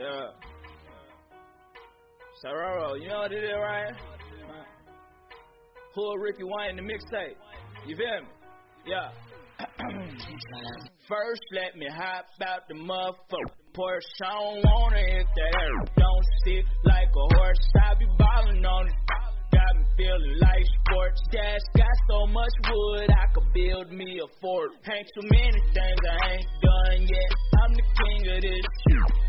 Yeah. Sararo, you know what it is, right? Hood Ricky White in the mixtape. You feel me? Yeah. First, let me hop out the motherfucker. Porsche, I don't want it hit that don't sit like a horse. I be ballin' on it. I've been feeling like sports. Dash got so much wood, I could build me a fort. Hang so many things I ain't done yet. I'm the king of this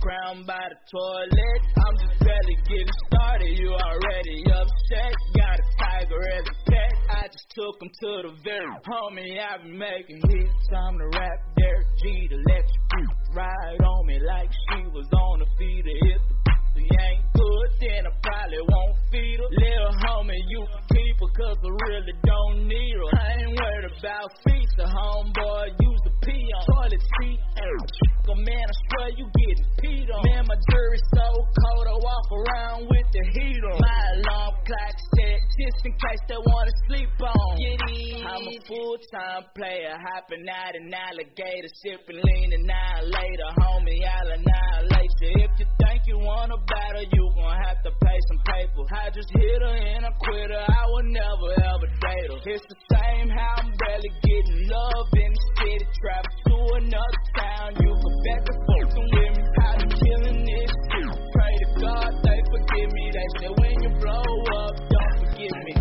crown by the toilet. I'm just barely getting started. You already upset. Got a tiger as a pet. I just took him to the vet. Homie, I've been making hits. I'm the rap Derek G to let you ride on me like she was on the feet of hip ain't good, then I probably won't feed her. Little homie, you can keep her, cause I really don't need her. I ain't worried about feast, the homeboy used to pee on toilet seat. Hey, man, I swear you getting peed on. Man, my jury's so cold, I walk around with the heat on. My alarm clock just in case they wanna sleep on. I'm a full time player, hopping out an alligator, sipping lean and later, homie, I'll annihilate you. If you think you wanna battle, you gon' have to pay some paper. I just hit her and I quit her, I will never ever date her. It's the same how I'm barely getting love in the city, travel to another town. You can bet the fucking with me, how you killing this? Pray to God they forgive me, they say when you blow up. Let me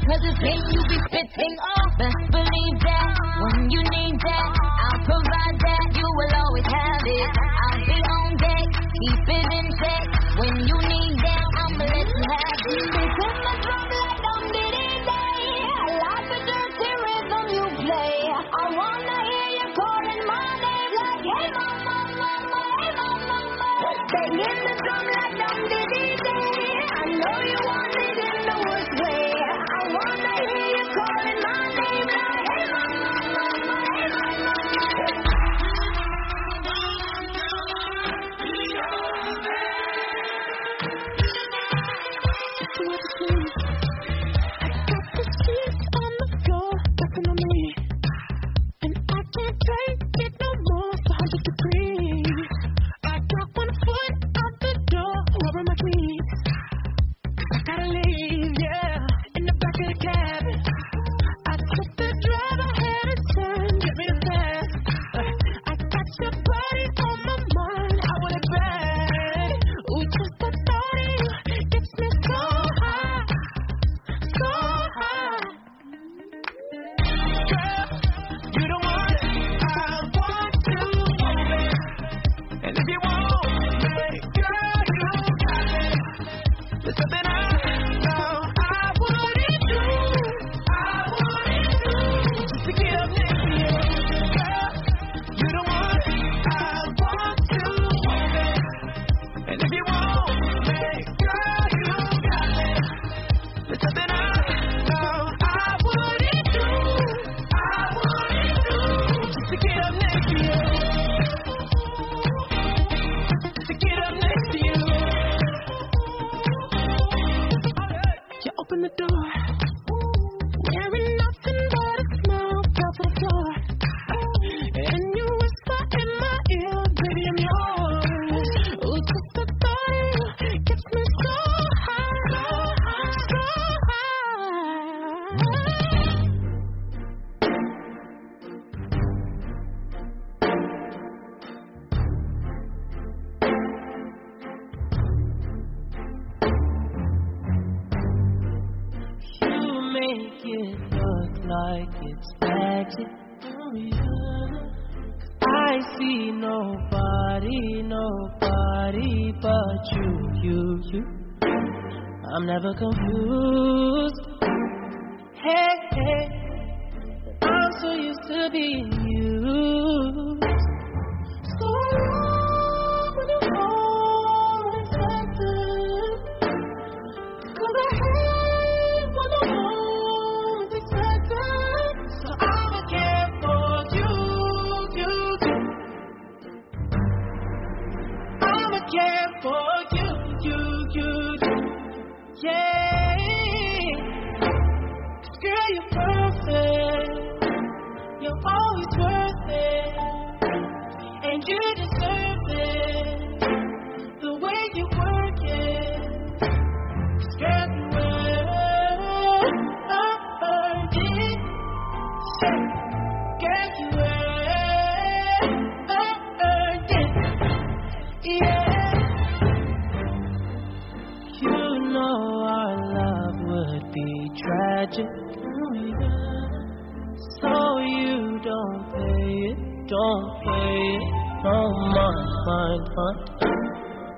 because it's pain you be like it's magic. I see nobody, nobody but you, you, you. I'm never confused. Hey, hey, I'm so used to being you.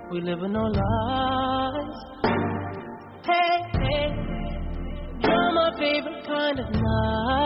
We living no lies. Hey, hey, you're my favorite kind of night.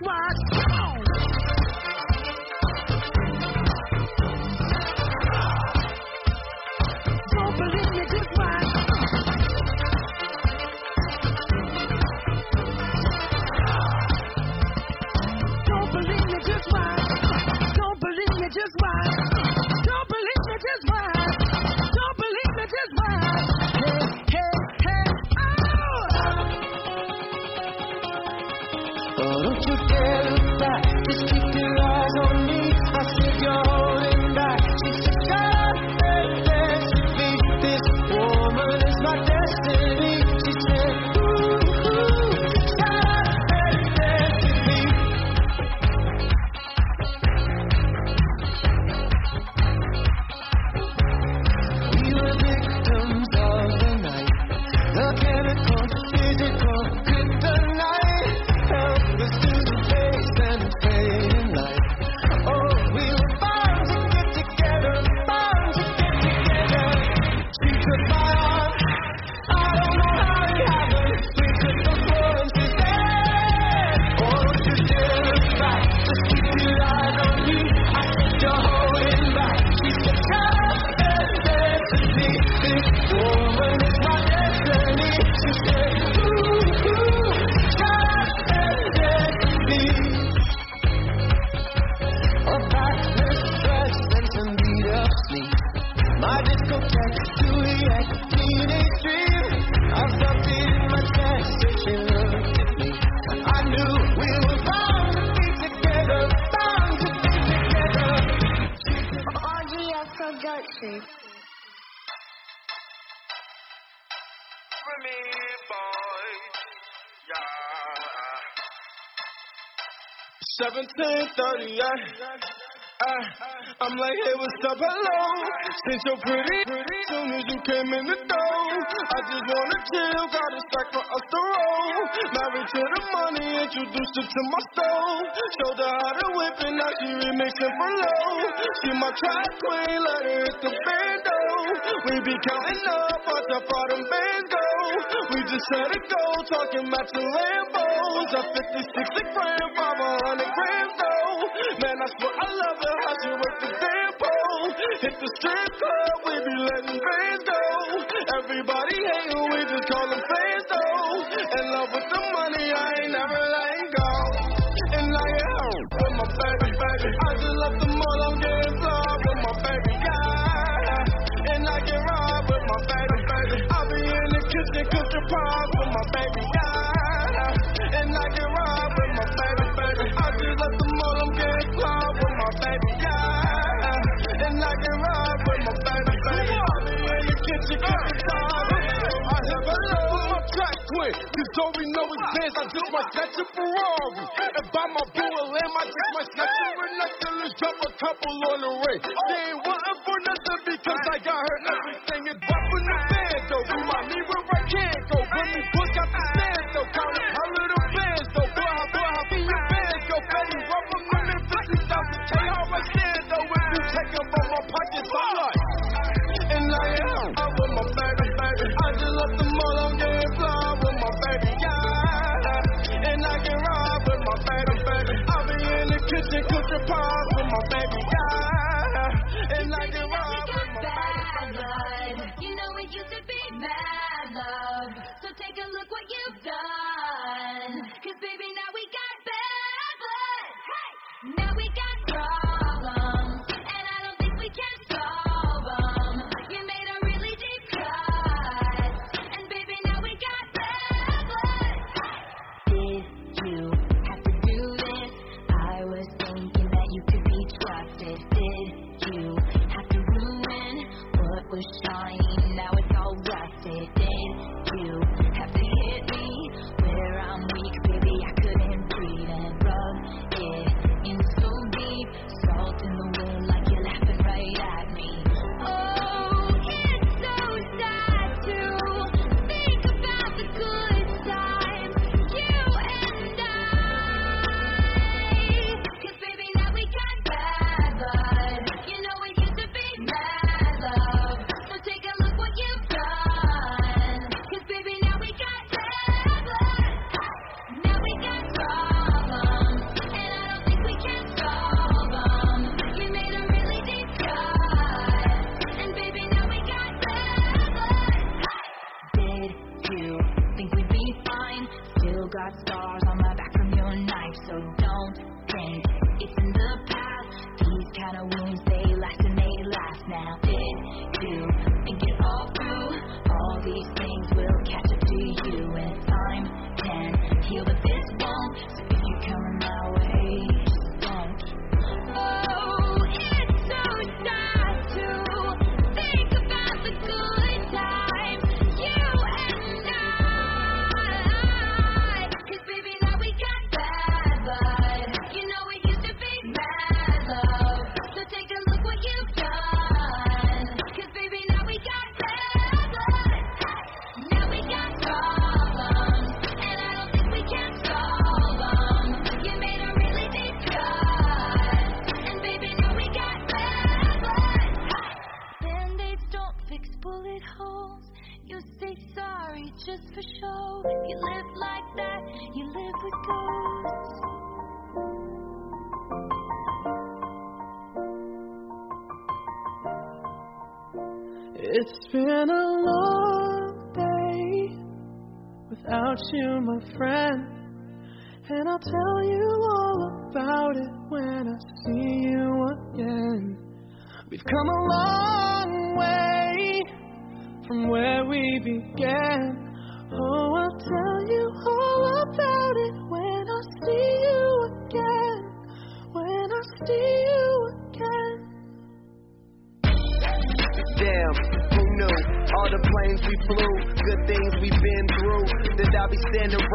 Watch. 1730, I, I'm like, hey, what's up, hello? Since you're pretty, pretty, soon as you came in the door, I just wanna chill, got a stack for us to roll. Married to the money, introduced her to my soul. Showed her how to whip, and now she remixing for low. She my track queen, let her hit the band we be counting up what the bottom bingo. We just had a go talking about the Lambos. A 56 a gram, i 100 grand though. Man, I swear I love her how she work the damn pole. Hit the strip club, we be letting fans go. Everybody hating, we just call them fans though. In love with the money, I ain't never like. story, no advance. I just might snatch a Ferrari. And buy my bull lamb, I just might snatch a Renactulus, drop a couple on the way. They ain't wanting for nothing because I got her everything. And dropping the band, though. We might need a my baby And I give up my baby You know it used to be my love. So take a look what you You live like that, you live with ghosts. It's been a long day without you, my friend. And I'll tell you all about it when I see you again. We've come a long way from where we began. Oh, I'll tell you all about.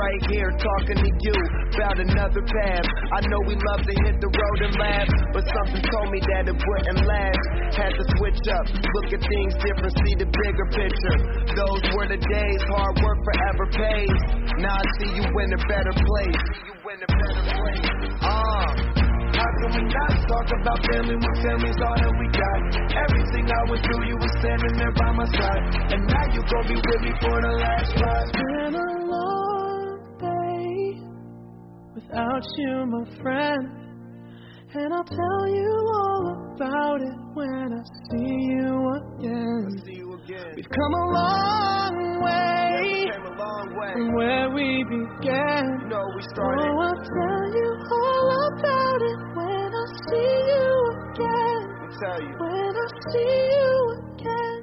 right here talking to you about another path. I know we love to hit the road and laugh, but something told me that it wouldn't last. Had to switch up, look at things different, see the bigger picture. Those were the days, hard work forever pays. Now I see you in a better place. You in a better place. Uh, how can we not talk about family when family's all that we got? Everything I went through, you were standing there by my side. And now you gon' be with me for the last ride. without you, my friend. And I'll tell you all about it when I see you again. See you again. We've come a long way yeah, from where we began. You know, we started. Oh, I'll tell you all about it when I see you again. When I see you again.